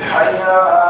حي على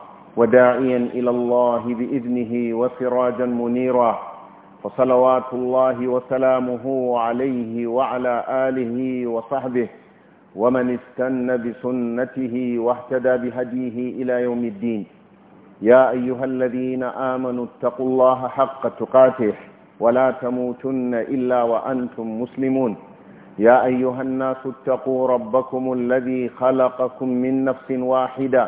وداعيا إلى الله بإذنه وسراجا منيرا فصلوات الله وسلامه عليه وعلى آله وصحبه ومن استن بسنته واهتدى بهديه إلى يوم الدين يا أيها الذين آمنوا اتقوا الله حق تقاته ولا تموتن إلا وأنتم مسلمون يا أيها الناس اتقوا ربكم الذي خلقكم من نفس واحده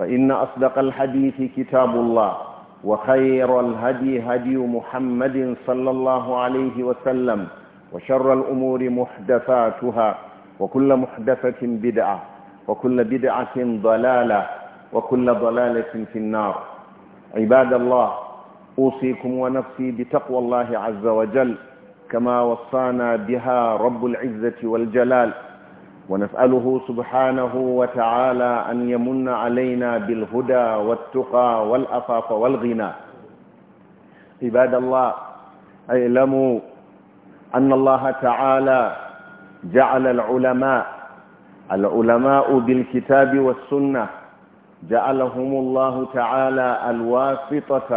فإن أصدق الحديث كتاب الله وخير الهدي هدي محمد صلى الله عليه وسلم وشر الأمور محدثاتها وكل محدثة بدعة وكل بدعة ضلالة وكل ضلالة في النار عباد الله أوصيكم ونفسي بتقوى الله عز وجل كما وصانا بها رب العزة والجلال ونسأله سبحانه وتعالى أن يمن علينا بالهدى والتقى والأفاف والغنى عباد الله اعلموا أن الله تعالى جعل العلماء العلماء بالكتاب والسنة جعلهم الله تعالى الواسطة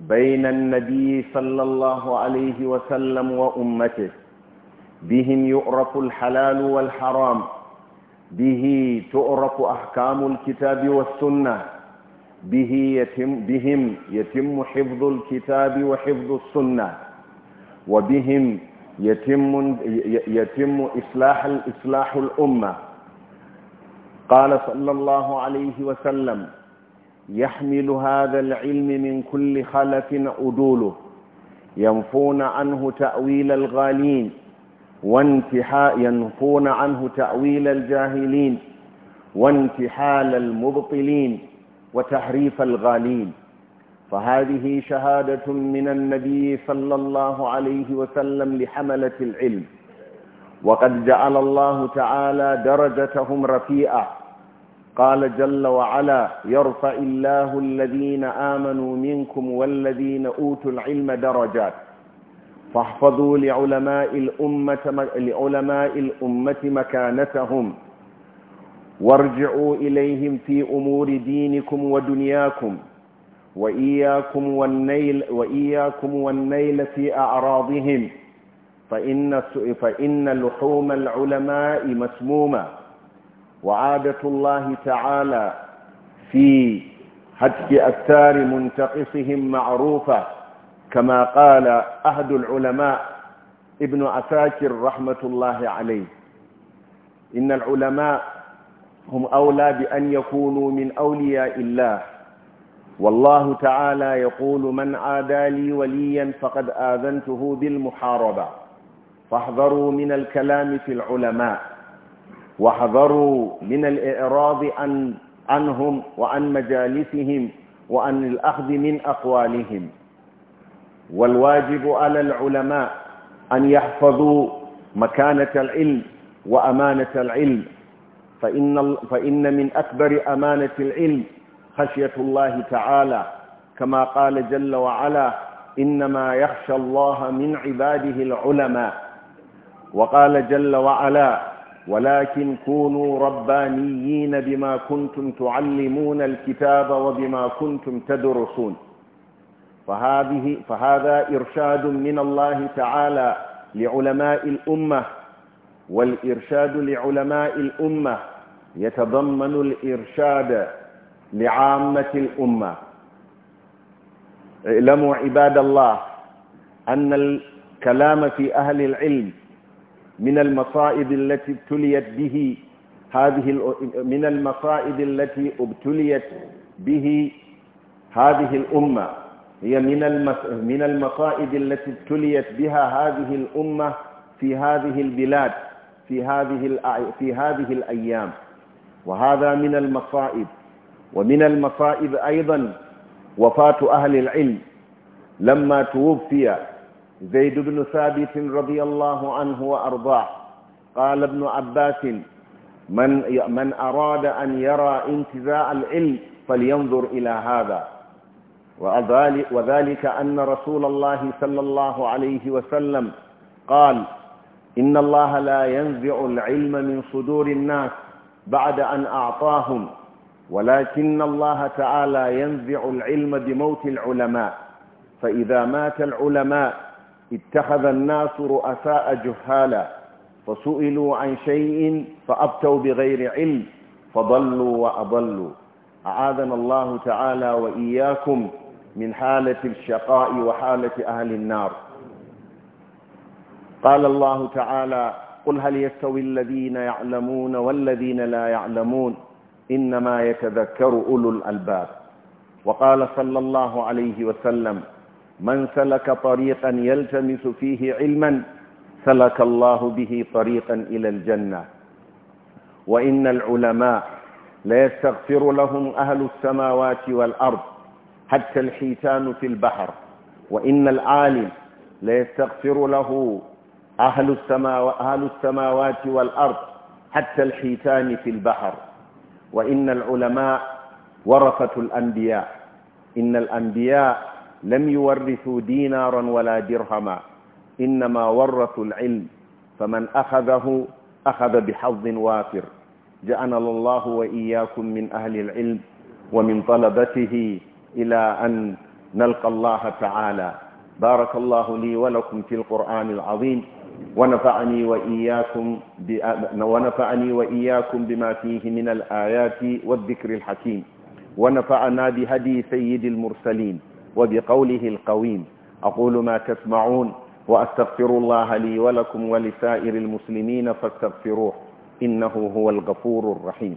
بين النبي صلى الله عليه وسلم وأمته بهم يعرف الحلال والحرام به تعرف أحكام الكتاب والسنة به يتم بهم يتم حفظ الكتاب وحفظ السنة وبهم يتم يتم إصلاح الإصلاح الأمة قال صلى الله عليه وسلم يحمل هذا العلم من كل خلف أدوله ينفون عنه تأويل الغالين وانتحاء ينفون عنه تأويل الجاهلين وانتحال المبطلين وتحريف الغالين فهذه شهادة من النبي صلى الله عليه وسلم لحملة العلم وقد جعل الله تعالى درجتهم رفيئة قال جل وعلا يرفع الله الذين آمنوا منكم والذين أوتوا العلم درجات فاحفظوا لعلماء الأمة, لعلماء الأمة مكانتهم وارجعوا إليهم في أمور دينكم ودنياكم وإياكم والنيل, وإياكم والنيل في أعراضهم فإن, فإن لحوم العلماء مسمومة وعادة الله تعالى في هتك أثار منتقصهم معروفة كما قال أحد العلماء ابن عساكر رحمة الله عليه إن العلماء هم أولى بأن يكونوا من أولياء الله والله تعالى يقول من عادى لي وليا فقد آذنته بالمحاربة فاحذروا من الكلام في العلماء واحذروا من الإعراض عن عنهم وعن مجالسهم وعن الأخذ من أقوالهم والواجب على العلماء أن يحفظوا مكانة العلم وأمانة العلم فإن, فإن من أكبر أمانة العلم خشية الله تعالى كما قال جل وعلا إنما يخشى الله من عباده العلماء وقال جل وعلا ولكن كونوا ربانيين بما كنتم تعلمون الكتاب وبما كنتم تدرسون فهذه فهذا إرشاد من الله تعالى لعلماء الأمة والإرشاد لعلماء الأمة يتضمن الإرشاد لعامة الأمة اعلموا عباد الله أن الكلام في أهل العلم من المصائب التي ابتليت به هذه من المصائب التي ابتليت به هذه الأمة هي من من المقائد التي ابتليت بها هذه الأمة في هذه البلاد في هذه في هذه الأيام وهذا من المصائب ومن المصائب أيضا وفاة أهل العلم لما توفي زيد بن ثابت رضي الله عنه وأرضاه قال ابن عباس من من أراد أن يرى انتزاع العلم فلينظر إلى هذا وذلك أن رسول الله صلى الله عليه وسلم قال إن الله لا ينزع العلم من صدور الناس بعد أن أعطاهم ولكن الله تعالى ينزع العلم بموت العلماء فإذا مات العلماء اتخذ الناس رؤساء جهالا فسئلوا عن شيء فأبتوا بغير علم فضلوا وأضلوا أعاذنا الله تعالى وإياكم من حالة الشقاء وحالة أهل النار قال الله تعالى قل هل يستوي الذين يعلمون والذين لا يعلمون إنما يتذكر أولو الألباب وقال صلى الله عليه وسلم من سلك طريقا يلتمس فيه علما سلك الله به طريقا إلى الجنة وإن العلماء لا يستغفر لهم أهل السماوات والأرض حتى الحيتان في البحر وإن العالم ليستغفر له أهل, السماو أهل السماوات والأرض حتى الحيتان في البحر وإن العلماء ورثة الأنبياء إن الأنبياء لم يورثوا دينارا ولا درهما إنما ورثوا العلم فمن أخذه أخذ بحظ وافر جعلنا الله وإياكم من أهل العلم ومن طلبته إلى أن نلقى الله تعالى بارك الله لي ولكم في القرآن العظيم ونفعني وإياكم ونفعني وإياكم بما فيه من الآيات والذكر الحكيم ونفعنا بهدي سيد المرسلين وبقوله القويم أقول ما تسمعون وأستغفر الله لي ولكم ولسائر المسلمين فاستغفروه إنه هو الغفور الرحيم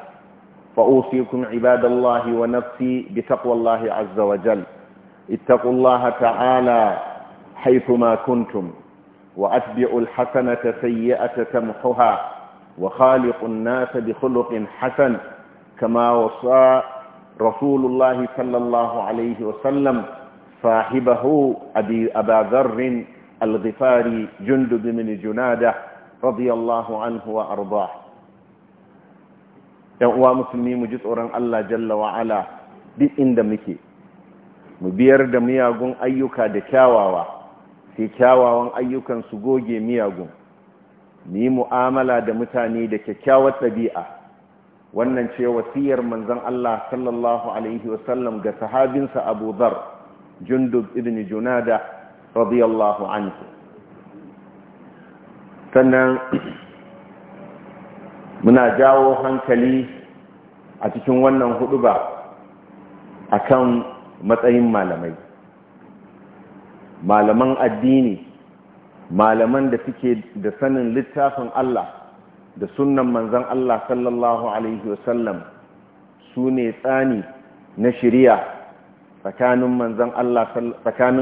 فأوصيكم عباد الله ونفسي بتقوى الله عز وجل اتقوا الله تعالى حيثما كنتم وأتبعوا الحسنة سيئة تمحها وخالق الناس بخلق حسن كما وصى رسول الله صلى الله عليه وسلم صاحبه أبي أبا ذر الغفاري جندب من جناده رضي الله عنه وأرضاه yan uwa musulmi mu ji tsoron Allah jalla wa ala duk inda muke mu biyar da miyagun ayyuka da kyawawa sai kyawawan ayyukan su goge miyagun mu mu'amala da mutane da kyakkyawar ɗabi'a wannan ce wasiyar manzon Allah sallallahu alaihi wasallam ga sahabinsa Abu Dharr Jundub ibn Junada radiyallahu anhu sannan muna jawo hankali a cikin wannan hudu ba a kan matsayin malamai malaman addini malaman da suke da sanin littafin Allah da sunan manzan Allah sallallahu Alaihi wasallam su ne tsani na shirya tsakanin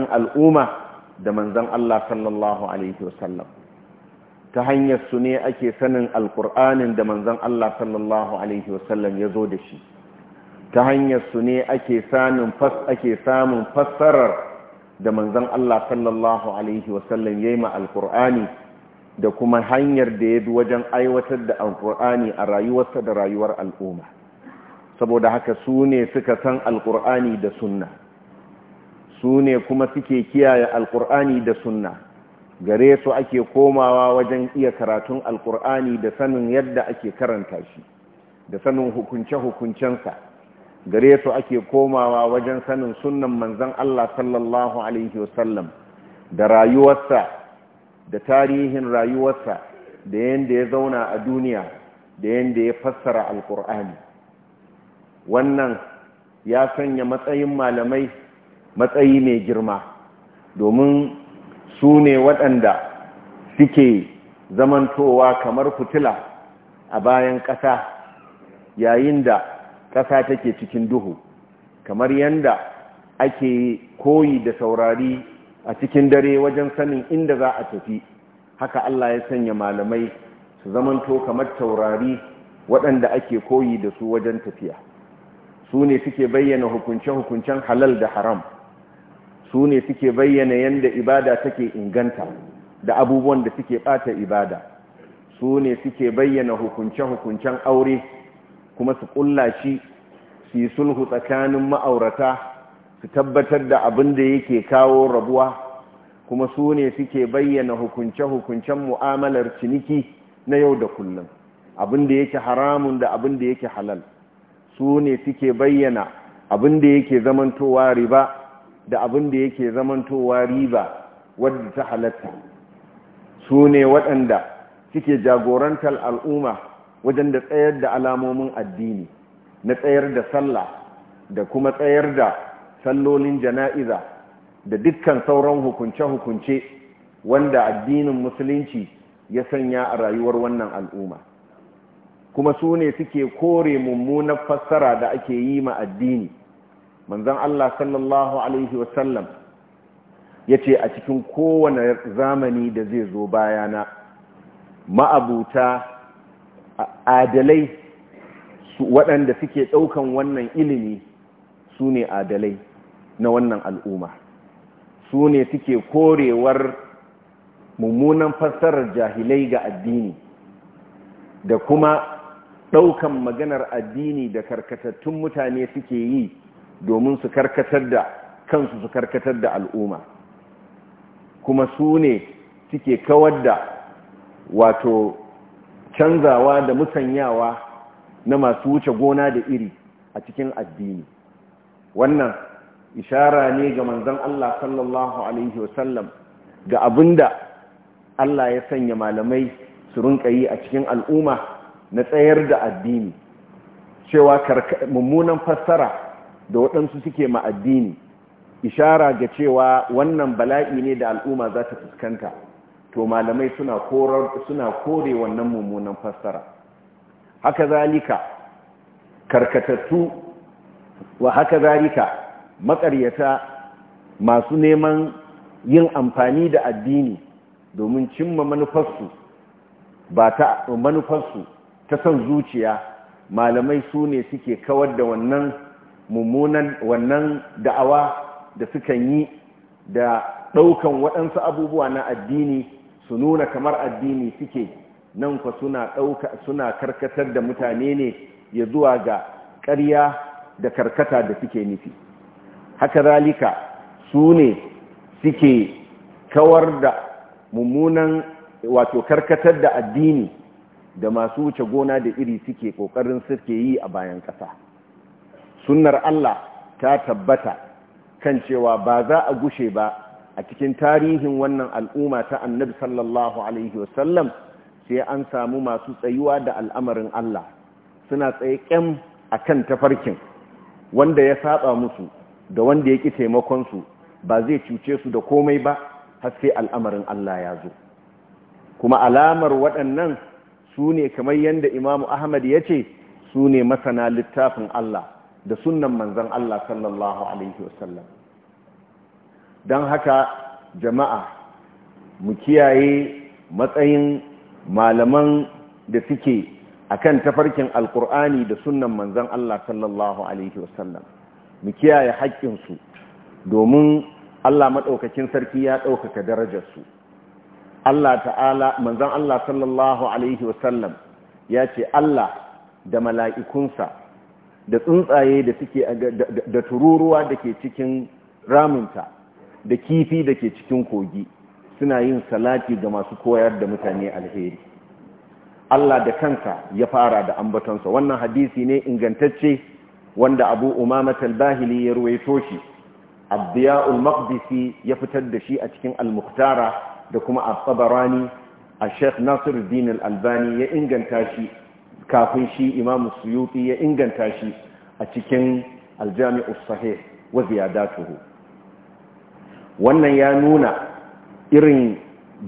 al'umma da manzan Allah sallallahu Alaihi wasallam ta hanyar su ne ake sanin alkur'anin da manzan Allah sallallahu alaihi wasallam ya zo da shi ta hanyar su ne ake samun fassarar da manzan Allah sallallahu alaihi wasallam yayi ma alkur'ani da kuma hanyar da ya bi wajen aiwatar da alkur'ani a rayuwarsa da rayuwar al'umma saboda haka su ne suka san alkur'ani da sunna su ne kuma suke kiyaye alkur'ani da sunna gare su ake komawa wajen iya karatun alkur'ani da sanin yadda ake karanta shi da sanin hukunce-hukuncensa gare su ake komawa wajen sanin sunan manzan Allah sallallahu alaihi wasallam da rayuwarsa da tarihin rayuwarsa da yadda ya zauna a duniya da yadda ya fassara alkur'ani wannan ya sanya matsayin malamai matsayi mai girma domin su ne waɗanda suke zamantowa kamar fitila a bayan ƙasa yayin da ƙasa take cikin duhu kamar yadda ake koyi da saurari a cikin dare wajen sanin inda za a tafi haka Allah ya sanya malamai su zamanto kamar taurari waɗanda ake koyi da su wajen tafiya su ne suke bayyana hukunce-hukuncen halal da haram su ne suke bayyana yadda ibada take inganta da abubuwan da suke ɓata ibada su ne suke bayyana hukunce-hukuncen aure kuma su ƙulla shi su yi sulhu tsakanin ma'aurata su tabbatar da abin da yake kawo rabuwa kuma su ne suke bayyana hukunce-hukuncen mu'amalar ciniki na yau da kullum abin da yake haramun da abin da yake halal su ne suke bayyana abin da yake zamantowa riba da abin da yake zamantowa riba wadda ta halatta su ne waɗanda suke jagorantar al'umma wajen da tsayar da alamomin addini na tsayar da sallah da kuma tsayar da sallolin jana'iza da dukkan sauran hukunce-hukunce wanda addinin musulunci ya sanya a rayuwar wannan al'umma kuma su ne suke kore mummunan fassara da ake yi ma addini manzon Allah sallallahu alaihi wasallam yace a cikin kowane zamani da zai zo bayana ma'abuta adalai waɗanda suke ɗaukan wannan ilimi su ne adalai na wannan al'umma su ne suke korewar mummunan fassarar jahilai ga addini da kuma ɗaukan maganar addini da karkatattun mutane suke yi domin su karkatar da kansu su karkatar da al'umma kuma su ne suke kawar da wato canzawa da musanyawa na masu wuce gona da iri a cikin addini wannan ishara ne ga manzon Allah sallallahu alaihi wasallam ga abinda Allah ya sanya malamai su rinka yi a cikin al'umma na tsayar da addini cewa mummunan fassara da waɗansu suke ma'addini, ishara ga cewa wannan bala'i ne da al'umma za ta fuskanta to malamai suna kore wannan mummunan fassara haka zalika karkatattu wa haka zalika makaryata masu neman yin amfani da addini domin cimma manufarsu ba ta manufarsu ta son zuciya malamai su ne suke kawar da wannan mummunan wannan da'awa da sukan yi da ɗaukan waɗansu abubuwa na addini su nuna kamar addini suke nan fa suna dauka suna karkatar da mutane ne ya zuwa ga ƙarya da karkata da suke nufi haka zalika su ne suke kawar da mummunan wato karkatar da addini da masu wuce gona da iri suke ƙoƙarin suke yi a bayan ƙasa sunnar Allah ta tabbata kan cewa ba za a gushe ba a cikin tarihin wannan al'umma ta annabi sallallahu alaihi wasallam sai an samu masu tsayuwa da al'amarin Allah suna tsaye kyam a tafarkin wanda ya saba musu da wanda ya ƙi su ba zai cuce su da komai ba har sai al'amarin Allah ya zo kuma alamar waɗannan su ne kamar yadda imamu ahmad ya ce su ne masana littafin Allah da sunan manzan Allah sallallahu alaihi wasallam don haka jama'a mu kiyaye matsayin malaman da suke a kan tafarkin alkur'ani da sunan manzan Allah sallallahu alaihi wasallam mu kiyaye haƙƙinsu domin Allah maɗaukakin sarki ya ɗaukaka darajarsu Allah ta'ala manzan Allah sallallahu alaihi wasallam ya ce Allah da mala'ikunsa da tsuntsaye da suke da tururuwa da ke cikin ramunta da kifi da ke cikin kogi suna yin salati ga masu koyar da mutane alheri Allah da kanta ya fara da ambatonsa wannan hadisi ne ingantacce wanda Abu Umama talbahili ya ruwaito shi Abdiya'ul Maqdisi ya fitar da shi a cikin al da kuma a tsabarani a Sheikh Nasiru dinar albani ya inganta shi kafin shi imam suyuti ya inganta shi a cikin aljami'u sahih wa ziyadatuhu wannan ya nuna irin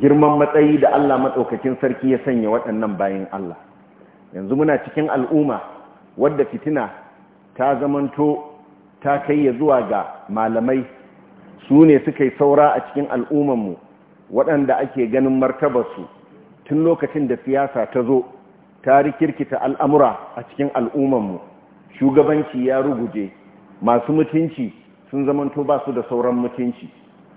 girman matsayi da Allah madaukakin sarki ya sanya waɗannan bayan Allah yanzu muna cikin al'umma wadda fitina ta zamanto ta kai ya zuwa ga malamai su ne suka yi saura a cikin al'ummanmu waɗanda ake ganin martabarsu tun lokacin da siyasa ta zo ta al'amura a cikin al'ummanmu shugabanci ya ruguje masu mutunci sun zamanto ba su da sauran mutunci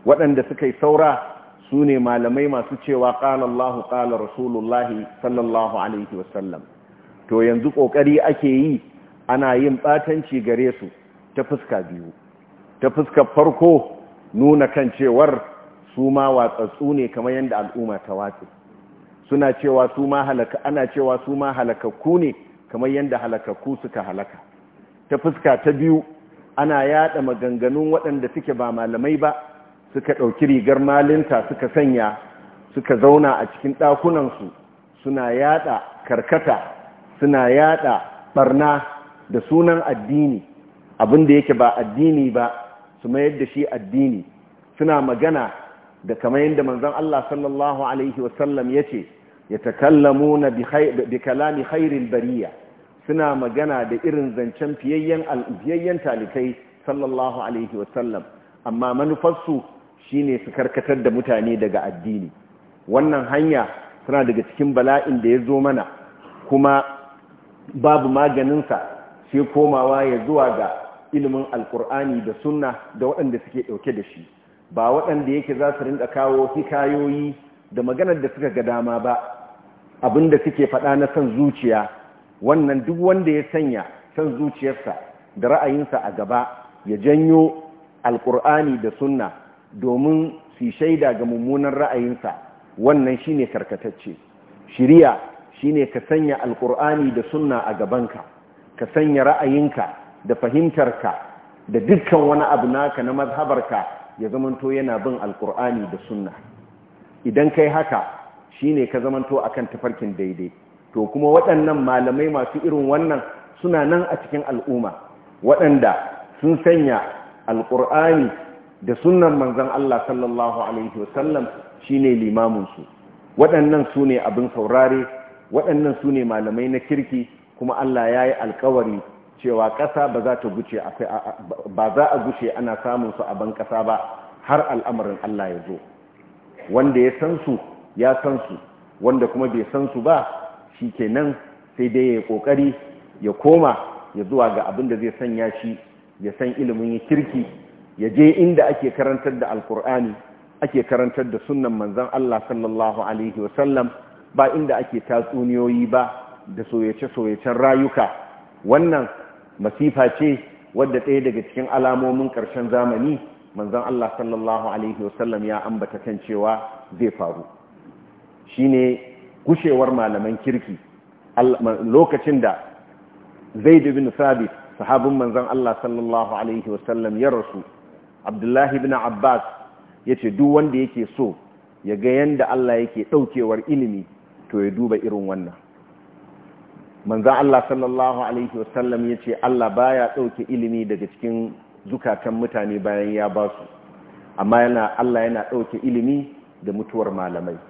waɗanda suka yi saura su ne malamai masu cewa ƙalallahu ƙala rasulullah sallallahu alaihi wasallam to yanzu ƙoƙari ake yi ana yin ɓatanci gare su ta fuska biyu ta fuskar farko nuna kan cewar su ma watsatsu ne kamar yadda al'umma ta watsu suna cewa su ma halaka ana cewa su ma halakakku ne kamar yadda halakakku suka halaka ta fuska ta biyu ana yada maganganun waɗanda suke ba malamai ba suka ɗauki rigar malinta suka sanya suka zauna a cikin ɗakunansu suna yada karkata suna yada barna da sunan addini abin da yake ba addini ba su mayar da shi addini suna magana da kamar yadda manzon Allah sallallahu alaihi wasallam yace yatakallamuna bi kalami khairil bariya suna magana da irin zancen fiyayyen al'ubiyayyen talikai sallallahu alaihi wasallam amma manufarsu shine su karkatar da mutane daga addini wannan hanya suna daga cikin bala'in da ya zo mana kuma babu maganinsa sai komawa ya zuwa ga ilimin alkur'ani da sunna da waɗanda suke ɗauke da shi ba waɗanda yake za su rinda kawo hikayoyi da maganar da suka ga dama ba abinda suke faɗa na san zuciya wannan duk wanda ya sanya san zuciyarsa da ra'ayinsa a gaba ya janyo alkur'ani da sunna domin su shaida ga mummunan ra'ayinsa wannan shine karkatacce Shirya shi ne ka sanya alkur'ani da sunna a gabanka ka sanya ra'ayinka da fahimtarka da dukkan wani abu naka na mazhabarka ya zamanto yana bin alkur'ani da sunna idan kai haka shine ka zamanto kan tafarkin daidai to kuma waɗannan malamai masu irin wannan suna nan a cikin al'umma waɗanda sun sanya alkur'ani da sunnan manzan Allah sallallahu alaihi wasallam shine ne limamunsu. waɗannan su ne abin saurare waɗannan su ne malamai na kirki kuma Allah ya yi alkawari cewa ƙasa ba za ta guce ba za a guce ana samun su a ban ƙasa ba har al'amarin Allah ya zo wanda ya san su ya san su wanda kuma bai san su ba shi kenan sai dai ya ƙoƙari ya koma ya zuwa ga abin da zai sanya shi ya san ilimin ya kirki ya je inda ake karantar da alkur'ani ake karantar da sunan manzan Allah sallallahu alaihi wasallam ba inda ake tatsuniyoyi ba da soyace-soyacen rayuka wannan masifa ce wadda ɗaya daga cikin alamomin ƙarshen zamani manzan Allah sallallahu alaihi wasallam ya ambata kan cewa zai faru shi ne gushewar malaman kirki lokacin da Zaid ibn Thabit sahabin manzan Allah sallallahu alaihi wasallam ya rasu Abdullahi bin Abbas ya ce duk wanda yake so ya ga yanda Allah yake ɗaukewar ilimi to ya duba irin wannan manzan Allah sallallahu alaihi wasallam ya ce Allah baya ɗauke ilimi daga cikin zukatan mutane bayan ya ba su amma yana Allah yana ɗauke ilimi da mutuwar malamai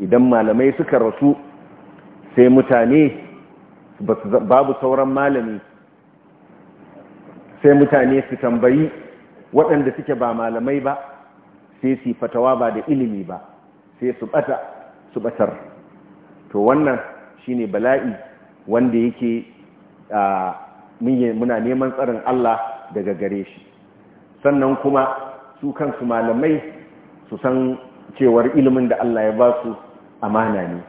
idan malamai suka rasu sai mutane babu sauran malami sai mutane su tambayi waɗanda suke ba malamai ba sai su fatawa ba da ilimi ba sai su ɓata su batar to wannan shine bala'i wanda yake muna neman tsarin Allah daga gare shi sannan kuma su kansu malamai su san cewar ilimin da Allah ya ba su amana ne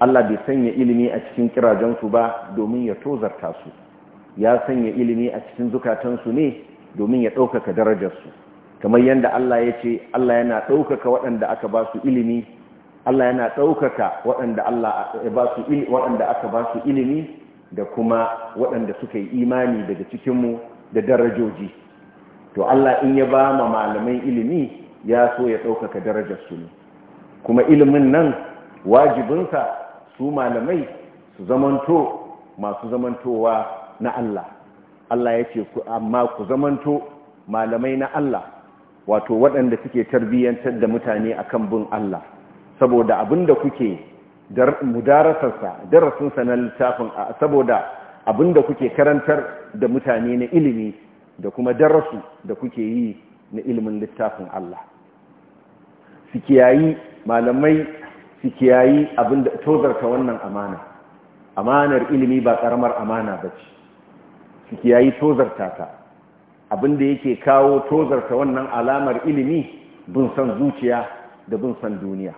Allah bai sanya ilimi a cikin kirajensu ba domin ya tozarta su ya sanya ilimi a cikin zukatansu ne domin ya ɗaukaka darajarsu kamar yadda Allah ya ce Allah yana ɗaukaka waɗanda aka ba su ilimi Allah yana ɗaukaka waɗanda Allah ba su waɗanda aka ba su ilimi da kuma waɗanda suka yi imani daga cikinmu da darajoji to Allah in ya ba ma malamai ilimi ya so ya ɗaukaka darajar su ne kuma ilimin nan wajibinsa su malamai su zamanto masu zamantowa na Allah Allah ya ce amma ku zamanto malamai na Allah wato waɗanda suke tarbiyyantar da mutane akan bin Allah saboda abinda kuke mudarasarsa darasinsa na littafin saboda abinda kuke karantar da mutane na ilimi da kuma darasu da kuke yi na ilimin littafin Allah su kiyayi malamai su kiyayi abinda tozarta wannan amana amanar ilimi ba karamar amana ba ce su kiyayi tozarta ta abinda yake kawo tozarta wannan alamar ilimi bin san zuciya da bin san duniya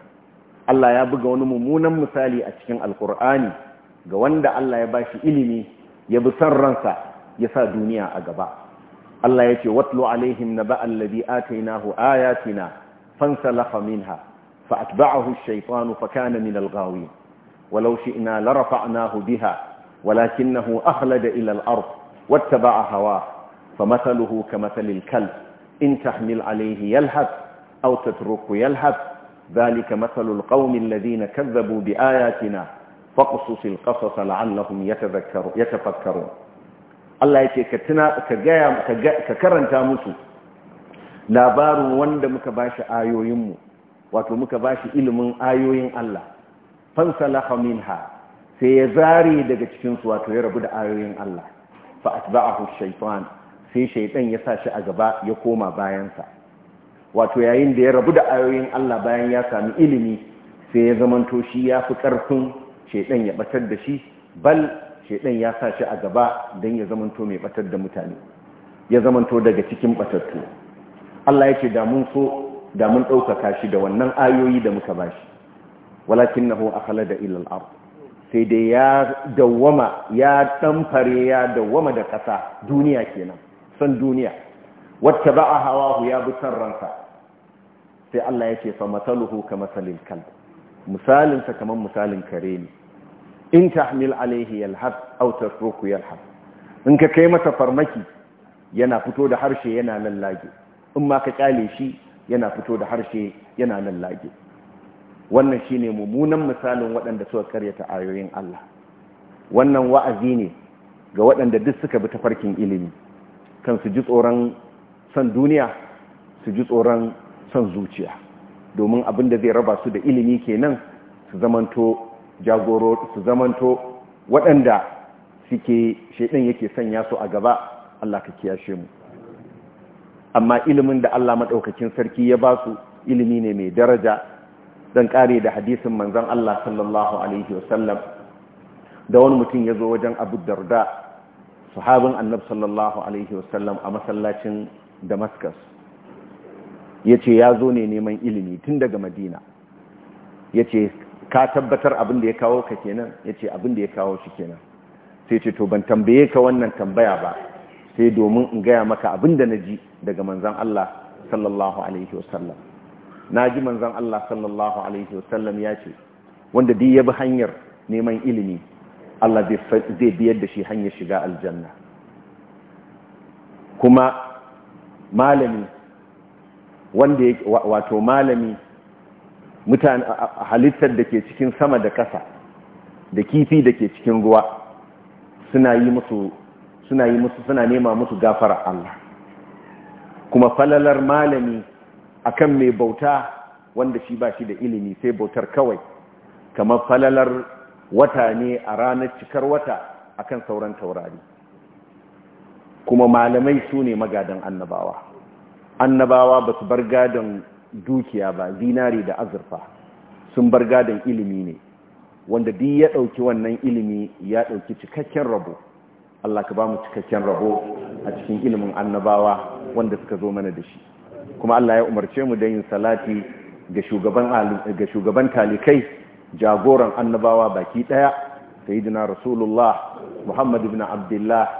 Allah ya buga wani mummunan misali a cikin alkur'ani ga wanda Allah ya bashi ilimi ya bi san ransa ya sa duniya a gaba Allah yake watlu alaihim naba alladhi atainahu ayatina fansalakha minha fa fa atba'ahu ash-shaytanu kana min فأتبعه الشيطان فكان من الغاوين ولو شئنا لرفعناه بها ولكنه أخلد إلى الأرض واتبع هواه فمثله كمثل kalb in tahmil alayhi yalhath aw tatruku yalhath ذلك مثل القوم الذين كذبوا بآياتنا فاقصص القصص لعلهم يتذكرون يتفكرون Allah yake ka tuna ka gaya ka karanta musu labarin wanda muka bashi ayoyin mu wato muka bashi ilimin ayoyin Allah fansalaha minha sai ya zare daga cikin su wato ya rabu da ayoyin Allah fa atba'ahu shaytan sai shaytan ya sa shi a gaba ya koma bayansa. sa wato yayin da ya rabu da ayoyin Allah bayan ya sami ilimi sai ya zamanto shi ya fi ƙarfin shaidan ya batar da shi bal shaidan ya sa shi a gaba don ya zamanto mai batar da mutane ya zamanto daga cikin batattu Allah ya ce da mun so da mun ɗaukaka shi da wannan ayoyi da muka ba shi walakin na hau akala da ilal ar sai dai ya dawwama ya ɗamfare ya dawwama da ƙasa duniya kenan son duniya wacce ba a hu ya bi son ransa sai Allah ya ce fa matsaluhu ka matsalin kan. misalinsa kamar misalin kare ne in ta hamil alaihi yalhaf autar roku yalhaf in ka kai masa farmaki yana fito da harshe yana lallage in ma ka kyale shi yana fito da harshe yana lallage wannan shine mummunan misalin waɗanda suka karyata ayoyin Allah wannan wa'azi ne ga waɗanda duk suka bi tafarkin ilimi kan su ji tsoron son duniya su ji tsoron son zuciya domin abin da zai raba su da ilimi kenan su zamanto jagoro su zamanto waɗanda suke shaidan yake sanya su a gaba Allah ka kiyashe mu amma ilimin da Allah madaukakin sarki ya ba su ilimi ne mai daraja dan kare da hadisin manzon Allah sallallahu alaihi wasallam da wani mutum ya zo wajen Abu Darda sahabin Annabi sallallahu alaihi wasallam a masallacin damascus ya ce ya zo ne neman ilimi tun daga madina ya ce ka tabbatar abin da ya kawo ka kenan ya ce abin da ya kawo shi kenan sai ce to ban tambaye ka wannan tambaya ba sai domin in gaya maka abin da na ji daga manzan Allah sallallahu alaihi wasallam na ji manzan Allah sallallahu alaihi wasallam ya ce wanda dai ya bi hanyar neman ilimi Allah zai biyar da shi hanyar shiga aljanna kuma malami wanda ya wato malami mutane halittar da ke cikin sama da ƙasa da kifi da ke cikin ruwa suna yi musu suna yi musu suna nema musu gafara Allah kuma falalar malami akan mai bauta wanda shi ba shi da ilimi sai bautar kawai kamar falalar wata ne a ranar cikar wata akan sauran taurari kuma malamai su ne magadan annabawa annabawa ba su bar gadon dukiya ba zinari da azurfa sun bar gadon ilimi ne wanda duk ya ɗauki wannan ilimi ya ɗauki cikakken rabo Allah ka ba mu cikakken rabo a cikin ilimin annabawa wanda suka zo mana da shi kuma Allah ya umarce mu da yin salati ga shugaban talikai jagoran annabawa baki ɗaya, sayyidina rasulullah muhammad ibn abdullah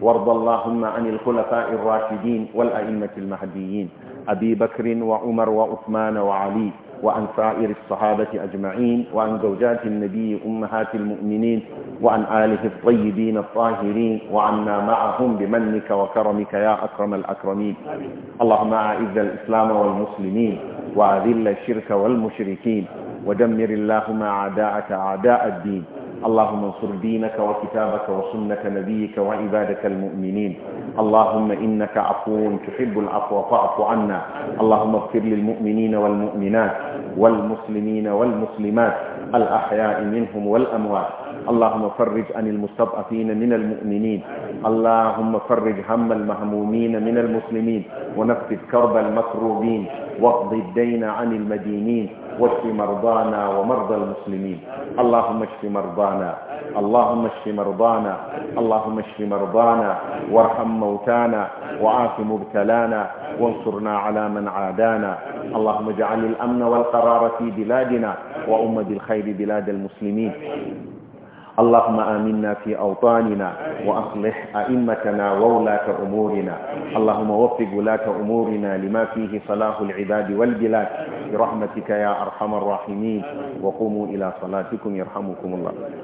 وارض اللهم عن الخلفاء الراشدين والأئمة المهديين أبي بكر وعمر وعثمان وعلي وعن سائر الصحابة أجمعين وعن زوجات النبي أمهات المؤمنين وعن آله الطيبين الطاهرين وعنا معهم بمنك وكرمك يا أكرم الأكرمين اللهم أعز الإسلام والمسلمين وأذل الشرك والمشركين ودمر اللهم أعداءك أعداء الدين اللهم انصر دينك وكتابك وسنة نبيك وعبادك المؤمنين اللهم إنك عفو تحب العفو فاعف عنا اللهم اغفر للمؤمنين والمؤمنات والمسلمين والمسلمات الأحياء منهم والأموات اللهم فرج عن المستضعفين من المؤمنين اللهم فرج هم المهمومين من المسلمين ونفذ كرب المكروبين واقض الدين عن المدينين واشف مرضانا ومرضى المسلمين اللهم اشف مرضانا اللهم اشف مرضانا اللهم اشف مرضانا وارحم موتانا وعاف مبتلانا وانصرنا على من عادانا اللهم اجعل الأمن والقرار في بلادنا وأمة الخير بلاد المسلمين اللهم آمنا في أوطاننا وأصلح أئمتنا وولاة أمورنا اللهم وفق ولاة أمورنا لما فيه صلاح العباد والبلاد برحمتك يا أرحم الراحمين وقوموا إلى صلاتكم يرحمكم الله